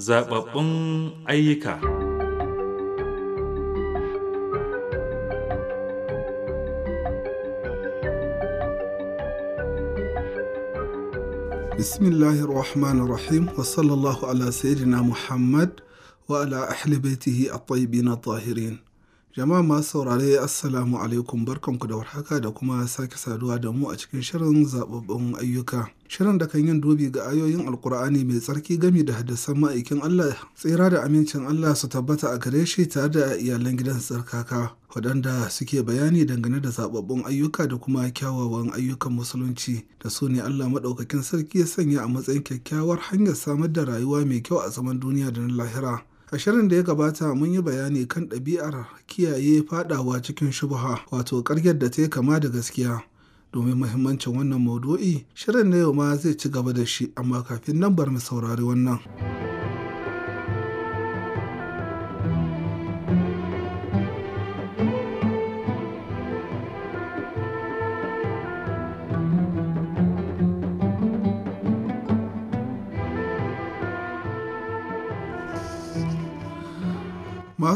zababbun ayyuka bismillahir rahmanir rahim wa sallallahu ala sayyidina muhammad wa ala ahli baitihi at-tayyibin at-tahirin Jama'a masu saurare Assalamu alaikum barkanku da warhaka da kuma sake saduwa da mu a cikin shirin zababbun ayyuka. Shirin da kan yin dubi ga ayoyin Alkur'ani mai tsarki gami da haddasan ma'aikin Allah tsira da amincin Allah su tabbata a gare shi tare da iyalan gidan tsarkaka waɗanda suke bayani dangane da zababbun ayyuka da kuma kyawawan ayyukan musulunci da su ne Allah maɗaukakin sarki ya sanya a matsayin kyakkyawar hanyar samar da rayuwa mai kyau a zaman duniya da na lahira. A shirin da ya gabata mun yi bayani kan ɗabi'ar kiyaye faɗawa cikin shubha wato ƙaryar da ta yi kama da gaskiya. Domin muhimmancin wannan maudu'i, shirin na yau ma zai ci gaba da shi, amma kafin nan bar mu saurari wannan.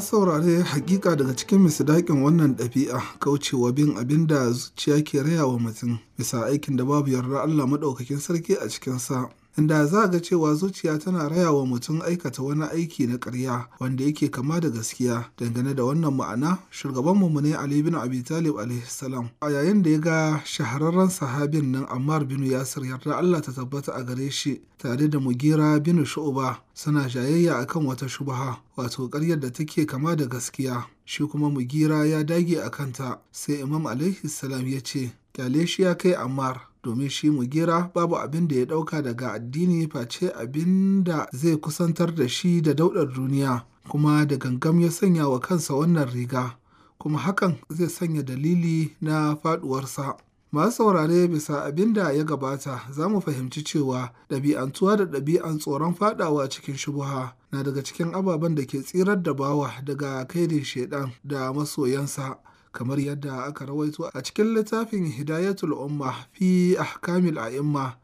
saurari saurari hakika daga cikin misidakin wannan ɗabi'a kaucewa bin abin da zuciya ke rayawa mutum bisa aikin da babu yarda Allah maɗaukakin sarki a cikinsa inda za ga cewa zuciya tana raya wa mutum aikata wani aiki na karya wanda yake kama da gaskiya dangane da wannan ma'ana shugaban ne ali bin abi talib salam a yayin da ya ga shahararren sahabin nan ammar bin yasir yarda allah ta tabbata a gare shi tare da mugira bin Shu'ba suna jayayya akan wata shubha wato ƙaryar da take kama da gaskiya shi kuma mugira ya dage a kanta sai imam salam ya ce kyale shi ya kai ammar domin shi mu gira babu abin da ya ɗauka daga addini face abin da zai kusantar da shi da daudar duniya kuma da gangam ya sanya wa kansa wannan riga kuma hakan zai sanya dalili na faduwarsa masu saurare bisa abin da ya gabata za mu fahimci cewa ɗabi'antuwa da ɗabi'an tsoron fadawa cikin shubuha na daga cikin ababen da ke tsirar da bawa daga kaidin shaidan da masoyansa kamar yadda aka rawaito a cikin littafin hidayatul umma fi ahkamil a'imma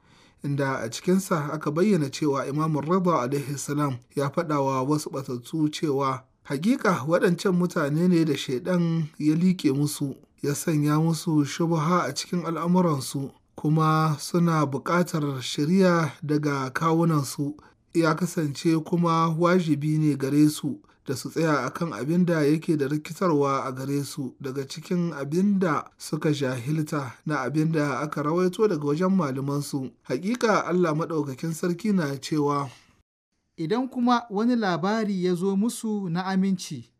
inda a cikinsa aka bayyana cewa imamu raba alaihi salam ya faɗawa wasu batattu cewa hakika waɗancan mutane ne da shaidan ya liƙe musu ya sanya musu shubha a cikin al'amuransu kuma suna buƙatar shari'a daga kawunansu ya kasance kuma wajibi ne gare su da su tsaya akan abin da yake da rikitarwa a gare su daga cikin abin da suka jahilta na abin da aka rawaito daga wajen malamansu hakika Allah maɗaukakin sarki na cewa idan kuma wani labari ya zo musu na aminci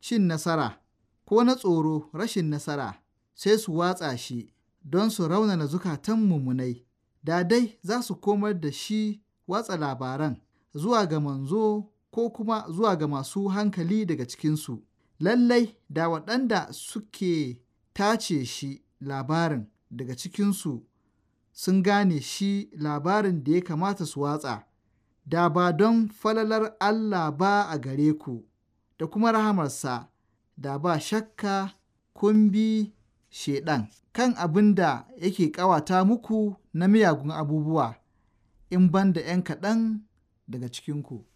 cin nasara ko na tsoro rashin nasara sai su watsa shi don su raunana zukatan mummunai da dai za su komar da shi watsa labaran zuwa ga manzo ko kuma zuwa ga masu hankali daga cikinsu. Lallai da waɗanda suke tace shi labarin daga cikinsu sun gane shi labarin da ya kamata su watsa, da ba don falalar Allah ba a gare ku, da kuma rahamarsa, da ba shakka kumbi bi shaiɗan kan abin da yake ƙawata muku na miyagun abubuwa, in ban da ‘yan kaɗan daga cikinku.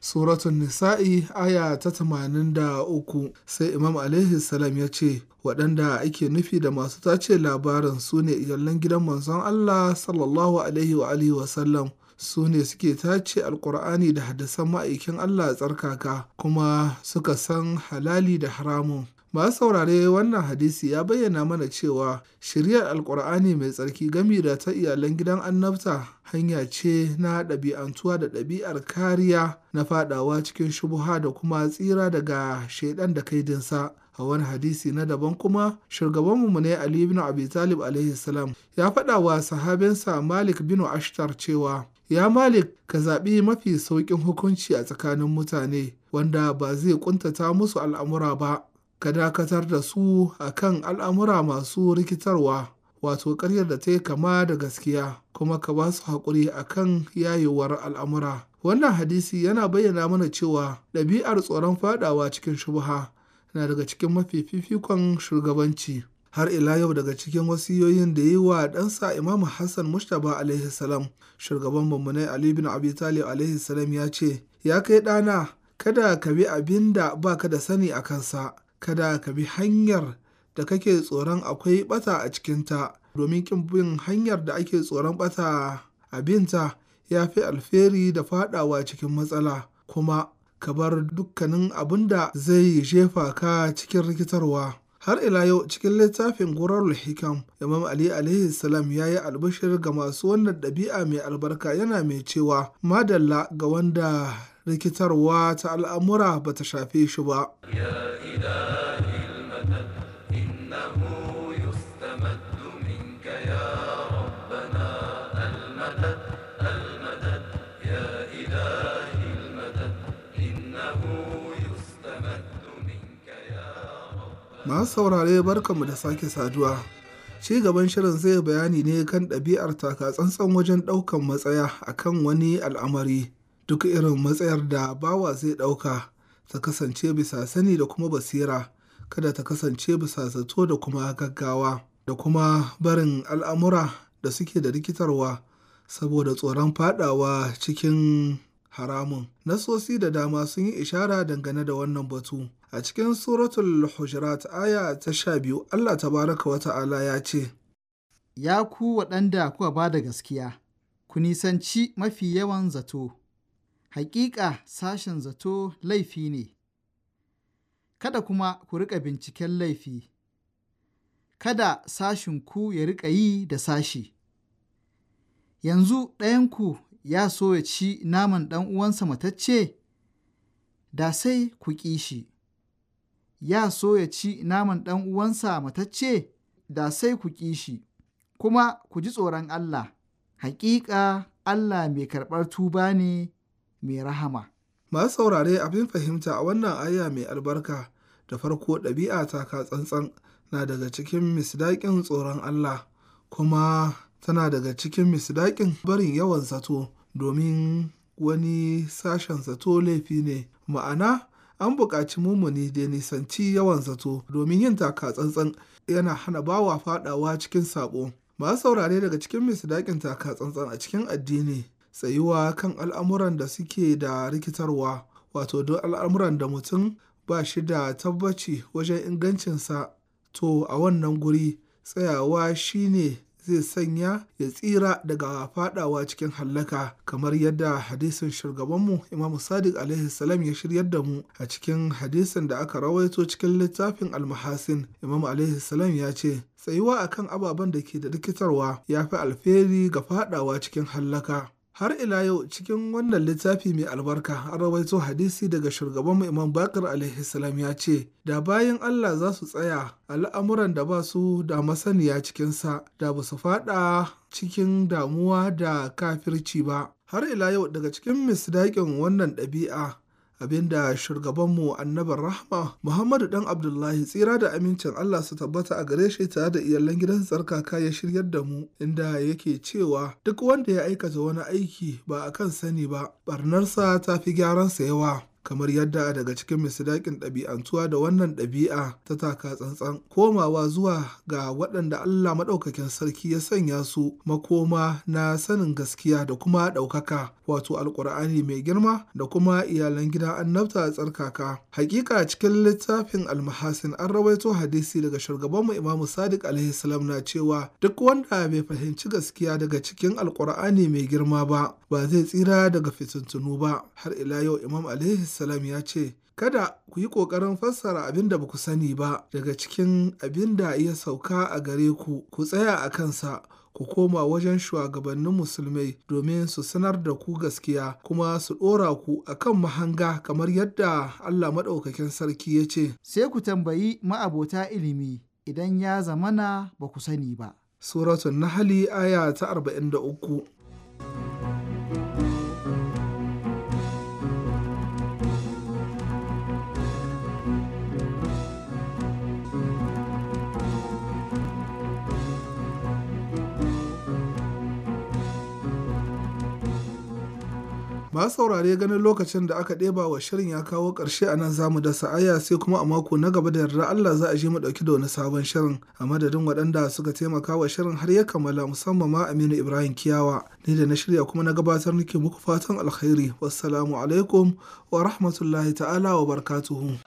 suratun nisa'i aya ta tamanin da uku, sai imam alaihi salam ya ce waɗanda ake nufi da masu tace labarin su ne iyalan gidan manzon allah sallallahu alaihi wa alihi sallam su ne suke tace alkur'ani da hadisan ma'aikin allah tsarkaka kuma suka san halali da haramun Masu saurare wannan hadisi ya bayyana mana cewa shiryar alkur'ani mai tsarki gami da ta iyalan gidan annabta hanya ce na ɗabi'antuwa da ɗabi'ar kariya na fadawa cikin shubuha da kuma tsira daga shaidan da kaidinsa. a wani hadisi na daban kuma shugabanmu mu ne Ali bin Abi Talib alaihi salam ya faɗa wa sahabinsa Malik bin Ashtar cewa ya Malik ka zaɓi mafi sauƙin hukunci a tsakanin mutane wanda ba zai ƙuntata musu al'amura ba ka dakatar da su a kan al'amura masu rikitarwa wato ƙaryar da ta yi kama da gaskiya kuma ka ba su haƙuri a kan yayewar al'amura wannan hadisi yana bayyana mana cewa ɗabi'ar tsoron faɗawa cikin shubha na daga cikin mafi fifikon shugabanci har ila yau daga cikin wasiyoyin da yi wa ɗansa imamu hassan Mustapha alaihi salam shugaban mummunai ali bin abi talib alaihi salam ya ce ya kai ɗana kada ka bi abin da ka da sani a kansa kada ka bi hanyar da kake tsoron akwai ɓata a cikinta domin ƙin bin hanyar da ake tsoron ɓata a binta ya fi alferi da faɗawa cikin matsala kuma ka bar dukkanin abin da zai jefa ka cikin rikitarwa. Har ila yau cikin littafin Gurarul Hikam, Imam Ali alaihi salam ya yi albishir ga masu wannan ɗabi'a mai albarka yana mai cewa madalla ga wanda rikitarwa ta al'amura ba ta shafe shi ba. المدد يا إلهي المدد إنه masu saurare barkanmu da sake saduwa ci gaban shirin zai bayani ne kan ɗabi'ar taka tsantsan wajen ɗaukan matsaya akan wani al'amari duk irin matsayar da bawa zai ɗauka ta kasance bisa sani da kuma basira kada ta kasance bisa zato da kuma gaggawa da kuma barin al'amura da suke da rikitarwa saboda tsoron fadawa cikin haramun. Nasosi da dama sun yi ishara dangane da wannan batu. A cikin suratul Hujurat aya ta sha biyu Allah baraka wa ta'ala ya ce, Ya ku waɗanda kuka ba da gaskiya, ku nisanci mafi yawan zato, hakika sashen zato laifi ne, kada kuma ku riƙa binciken laifi, kada sashin ku ya riƙa yi da sashi. yanzu ɗayanku ya so ya ci naman ɗan uwansa matacce? Da sai ku ƙi shi, ya so ya ci naman ɗan uwansa matacce? Da sai ku ƙi shi, kuma ku ji tsoron Allah, haƙiƙa Allah mai karɓar tuba ne mai rahama. Masu saurare abin fahimta a wannan aya mai albarka da farko ɗabi'a ta ka tsantsan na daga cikin misdaƙin tsoron Allah kuma tana daga cikin misdaƙin barin yawan zato domin wani sashen zato laifi ne ma'ana an buƙaci mummuni da nisanci yawan zato domin yin taka tsantsan yana hana bawa faɗawa cikin saƙo ba saurare daga cikin misdaƙin taka tsantsan a cikin addini tsayuwa kan al'amuran da suke da rikitarwa wato don al'amuran da mutum ba shi da tabbaci wajen ingancinsa to a wannan guri tsayawa shine zai sanya ya tsira daga fadawa cikin hallaka kamar yadda hadisin shugabanmu imam sadiq alaihi salam ya shiryar da mu a cikin hadisin da aka rawaito cikin littafin almahasin imam alaihi salam ya ce tsayuwa akan ababen da ke da rikitarwa ya fi alferi ga fadawa cikin hallaka har ila yau cikin wannan littafi mai albarka an rawaito hadisi daga shugabanmu imam bakar alaihi ya ce da bayan allah za su tsaya al'amuran da ba su da masaniya cikinsa da ba su fada cikin damuwa da kafirci ba har ila yau daga cikin misdaƙin wannan ɗabi'a abinda shugabanmu annabar rahma Muhammadu dan Abdullahi tsira da amincin Allah su tabbata a gare shi tare da iyalan gidan tsarkaka ya shiryar da mu inda yake cewa duk wanda ya aikata wani aiki ba a kan sani ba barnarsa ta fi gyaransa yawa kamar yadda daga cikin misdaƙin ɗabi'antuwa da wannan ɗabi'a ta taka tsantsan komawa zuwa ga waɗanda Allah maɗaukakin sarki ya sanya su makoma na sanin gaskiya da kuma ɗaukaka wato alƙur'ani mai girma da kuma iyalan gidan annabta a tsarkaka hakika cikin littafin almahasin an rawaito hadisi daga shugabanmu imamu sadiq alaihi salam na cewa duk wanda bai fahimci gaskiya daga cikin alƙur'ani mai girma ba ba zai tsira daga fitintunu ba har ila yau imam alaihi salam ya ce, Kada ku yi ƙoƙarin fassara abin da ba ku sani ba daga cikin abin da ya sauka a gare ku, ku tsaya a kansa, ku koma wajen shugabannin musulmai domin su sanar da ku gaskiya kuma su ɗora ku akan mahanga kamar yadda Allah maɗaukakin sarki ya ce. Sai ku tambayi ma'abota ilimi idan ya zamana ba ku sani ba. Suratun Nahali aya ta 43 masu saurare ganin lokacin da aka ɗeba wa shirin ya kawo ƙarshe a nan zamu dasa aya sai kuma a mako na gaba da yarda Allah za a je mu ɗauki da wani sabon shirin a madadin waɗanda suka taimaka wa shirin har ya kammala musamman ma Aminu Ibrahim Kiyawa ni da na shirya kuma na gabatar nake muku fatan alkhairi wassalamu alaikum wa rahmatullahi ta'ala wa barakatuhu.